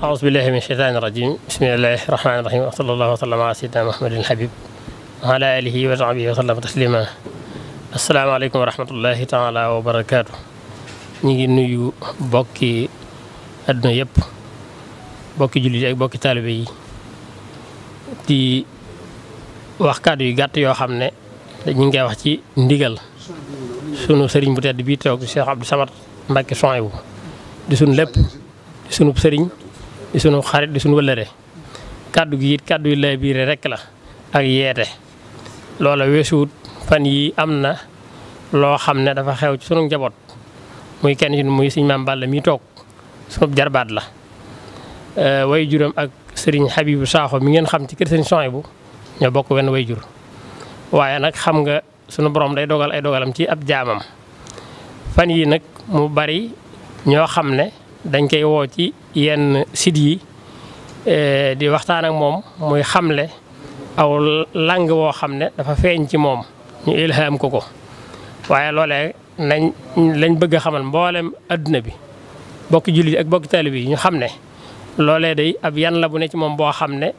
أعوذ بالله من الشيطان الرجيم بسم الله الرحمن الرحيم وصلى الله وسلم على سيدنا محمد الحبيب وعلى آله وصحبه وسلم تسليما السلام عليكم ورحمة الله تعالى وبركاته نيجي نيو بوكي أدنى يب بوكي جلي أي بوكي تالبي دي وحكاد يغات يو خامنة نيجي وحكي نديغل سنو سرين بطيات بيتر وكسي عبد السمر مكي سوائيو دي سنو لب دي سنو بسرين di sunu xarit di sunu wëllëre kàddu gi it kàddu yi lay biire rek la ak yeete loola weesuwut fan yi am na loo xam ne dafa xew ci sunu njaboot muy kenn ci muy sëñ Maam Balla mi toog sunu jarbaat la way juram ak sëriñ Habibu Saaxo mi ngeen xam ci kër sëriñ bu ñoo bokk wenn way jur waaye nag xam nga sunu borom day dogal ay dogalam ci ab jaamam fan yi nag mu bari ñoo xam ne dañ koy woo ci yenn sit yi eh, di waxtaan ak moom muy xamle aw lang woo xam ne dafa feeñ ci moom ñu ilham ko ko waaye loole nañ lañ bëgg a xamal mboolem adduna bi bokki jullit ak bokki taalib yi ñu xam ne loole day ab yan la bu ne ci moom boo xam ne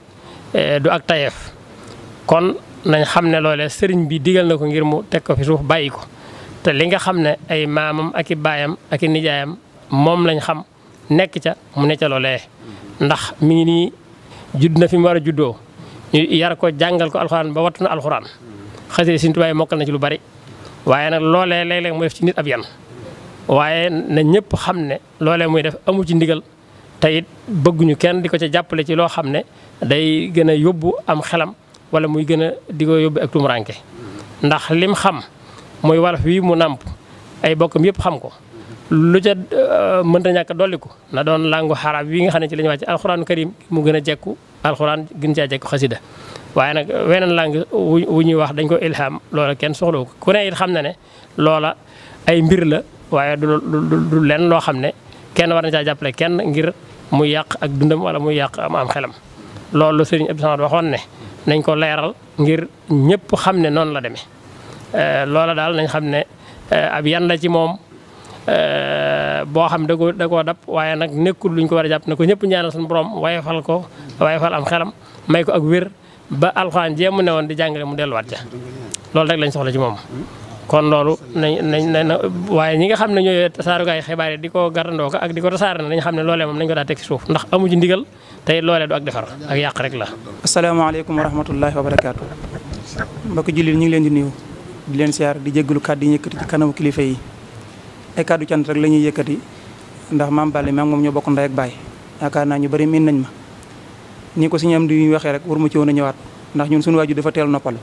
eh, du ak tayeef kon nañ xam ne loole sëriñ bi digal na ko ngir mu teg ko fi suuf bàyyi ko te li nga xam ne ay maamam ak i baayam ak i nijaayam moom lañ xam nekk ca mu ne ca loolee ndax mi ngi nii judd na fi mu war a juddoo ñu yar ko jàngal ko alxuraan ba wattu na alxuraan xasee Sëriñ Tuubaa mokkal na ci lu bari waaye nag loolee léeg-léeg mu def ci nit ab yan waaye na ñëpp xam ne loolee muy def amu ci ndigal te it bëgguñu kenn di ko ca jàppale ci loo xam ne day gën a yóbbu am xelam wala muy gën a di ko yóbbu ak tumuraanke ndax lim xam muy wolof wi mu nàmp ay bokkam yëpp xam ko lu ca euh, mënta ñàkk dolliku na doon langu xarab wi nga xam ne ci la ñu wàcc alxuraanu karim mu gën a jekku alxuraan gën caa jekku xasida waaye nag weneen lang wu ñuy wax dañ ko ilham loola kenn ko ku xam na ne loola ay mbir la waaye du du lenn loo xam ne kenn war na a jàppale kenn ngir mu yàq ak dundam wala mu yàq am am xelam loolu sëriñ Abdou Samad waxoon ne nañ ko leeral ngir ñëpp xam ne noonu la demee euh, loola daal nañ xam ne euh, ab yan la ci moom Eh, boo xam da koo da koo dab waaye nag nekkul luñ ko war a jàpp ne ko ñëpp ñaanal suñu borom waaye fal ko waaye fal am xelam may ko ak wér ba alxaan jee mu ne woon di jàngale mu delluwaat ca loolu rek lañ soxla ci moom. kon loolu nañ nañ na waaye ñi nga xam ne ñooy tasaarukaay xibaar yi di ko garandoo ko ak di ko tasaare nañ xam ne loolee moom nañ ko daa teg ci suuf ndax amu ci ndigal tey loolee du ak defar ak yàq rek la. asalaamaaleykum wa rahmatullahi wa barakaatu. mbokk jullit ñu ngi leen di nuyu di leen siyaar di jégalu di yi yëkkati ci kanamu kilifa yi ay kàddu cant rek lañuy yëkëti ndax mam balé maam moom ñu bokk nday ak bay yaakaar ñu bari min nañ ma ni ko suñu am di waxee rek wurmu ci wona ñëwaat ndax ñun suñu waju dafa tél noppalu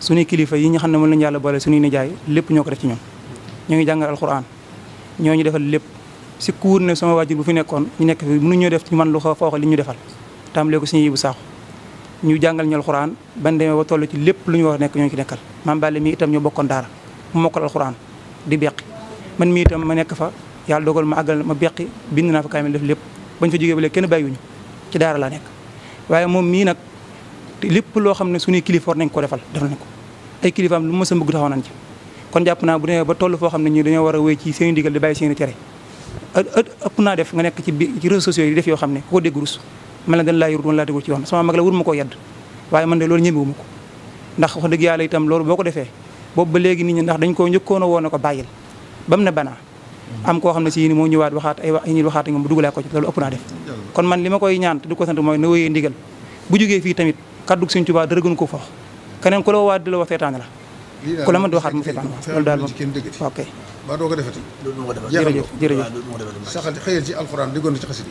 suñu kilifa yi ñi xam mo lañu yalla bolé suñu nijaay lepp ñoko def ci ñoom ñu ngi jàngal alquran ñoo ñu defal lepp ci cour ne sama waju bu fi nekkon ñu nekk fi mënu ñu def ci man lu xaw fooxa li ñu defal tàmbalee ko suñu yibu sax ñu jàngal ñu alquran ban demee ba tollu ci lepp lu ñu wax nekk ñu ci nekkal mam balé mi itam ñu bokkon dara mu mokal alquran di bekk man mii itam ma nekk fa yàlla dogal ma àggal ma beqi bind naa fa kaamil def lépp bañ fa jógee ba léegi kenn bàyyiwuñu ci laa nekk waaye moom mii nag lépp loo xam ne suñuy kilifa nañ ko defal defal ko ay kilifaam lu ma sa bëgg taxaw nañ ci kon jàpp naa bu demee ba toll foo xam ne ñi dañoo war a wéy i digal di bàyyi seen naa def nga nekk ci bi ci réseaux def yoo xam ne ku ko dégg rus mel na dañ laa yurut woon laa dégul ci yoon sama mag la wur ma koo yedd waaye man ko ndax wax dëgg yàlla itam loolu boo ko defee boobu ba léegi nit ñi ndax dañ koo njëkkoon woon ne ko bàyyil bamna bana am ko xamne ci ni mo ñëwaat waxaat ay wax ñi waxaat nga mu duggalé ko ci lolu ëpp na def kon man lima koy ñaan du ko sant moy na wéyee ndigal bu joggé fi tamit kaddu Sëñ tuba dara gën ko foox kenen ko lo waat dila la wax la ko la mën do waxaat mu seetaan la loolu daal moom ok ba do ko defati do jërëjëf saxal xëyal jere alxuraan di gond ci xasida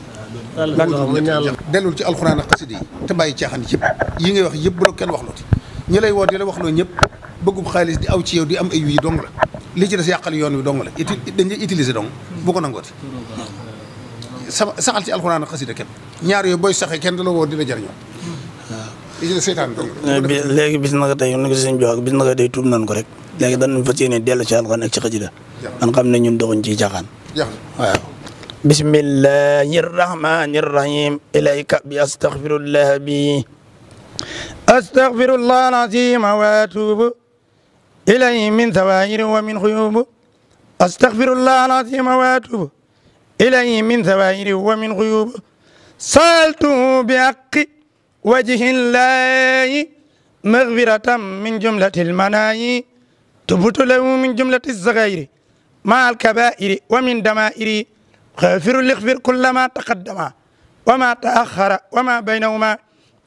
yi dellul ci delul ci alcorane yi te ci caaxaan ci yi ngay wax yëpp bu la kenn lo ñi lay wo di la lo ñëpp bëggub xaaliss di aw ci yow di am ay wi dong la li ci des yàqal yoon wi dong la dañ lay utiliser dong bu ko nangooti sa saxal ci alxuraan ak xasida képp ñaar yooyu booy saxee kenn du la woo di la jëriñoo li ci des seytaan dong léegi bis naka tey nu ko sëñ jox bis naka tey tuub nañ ko rek léegi dañu fas yéene dellu ci alxuraan ak ci xasida man xam ne ñun doxuñ ci jaxaan waaw بسم الله الرحمن الرحيم إليك بأستغفر الله بي أستغفر الله العظيم وأتوب إليه من ثوائر ومن خيوب أستغفر الله العظيم وأتوب إليه من ثوائر ومن خيوب سألته بحق وجه الله مغفرة من جملة المناي تبت له من جملة الزغير مع الكبائر ومن دمائر غافر لغفر كل ما تقدم وما تأخر وما بينهما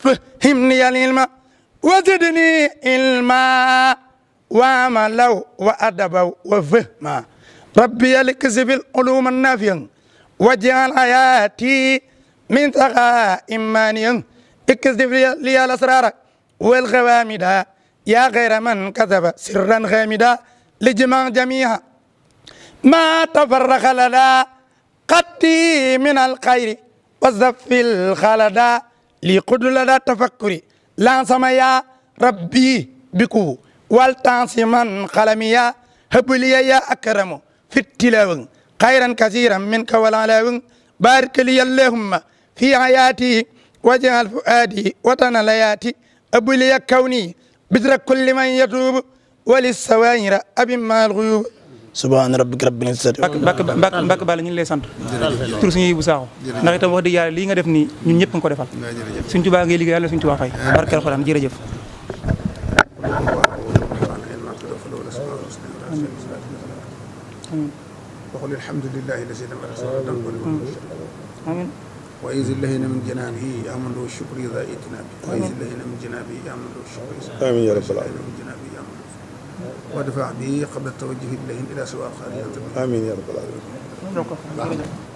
فهمني العلم وزدني علما وعملوا وأدبوا وفهما ربي الكذب العلوم النافع وجعل حياتي من ثقاء إيمانيا اكذب لي الأسرار والغوامد يا غير من كذب سرا غامدا لجمع جميعا ما تفرق لنا قدي من الخير وزف الخلدا لقدر لدى تفكري لا سمايا ربي بكو والتعصمان قلميا هبليا يا أكرم في التلاوة خيرا كثيرا منك والعلاوة بارك لي اللهم في حياتي وجعل فؤادي وطن لياتي أبلي كوني بدر كل من يتوب وللسوائر أبي ما الغيوب subhaana rabbika rabbil izzati mbak mbak mbak bala ñu ngi lay sant tur suñu yibu saaxu ndax itam wax dëgg yàlla lii nga def nii ñun ñëpp nga ko defal suñ tubaa ngay liggéey yàlla suñ tubaa fay barke alxuraan jërëjëf وقل الحمد لله الذي لم يرسل الذنب آمين وإذ الله من جنابه آمن له الشكر إذا ائتنا به وإذ الله من جنابه آمن له الشكر آمين يا رب العالمين من جنابه آمن وادفع به قبل التوجه إليهم إلى سواء خارجة آمين يا رب العالمين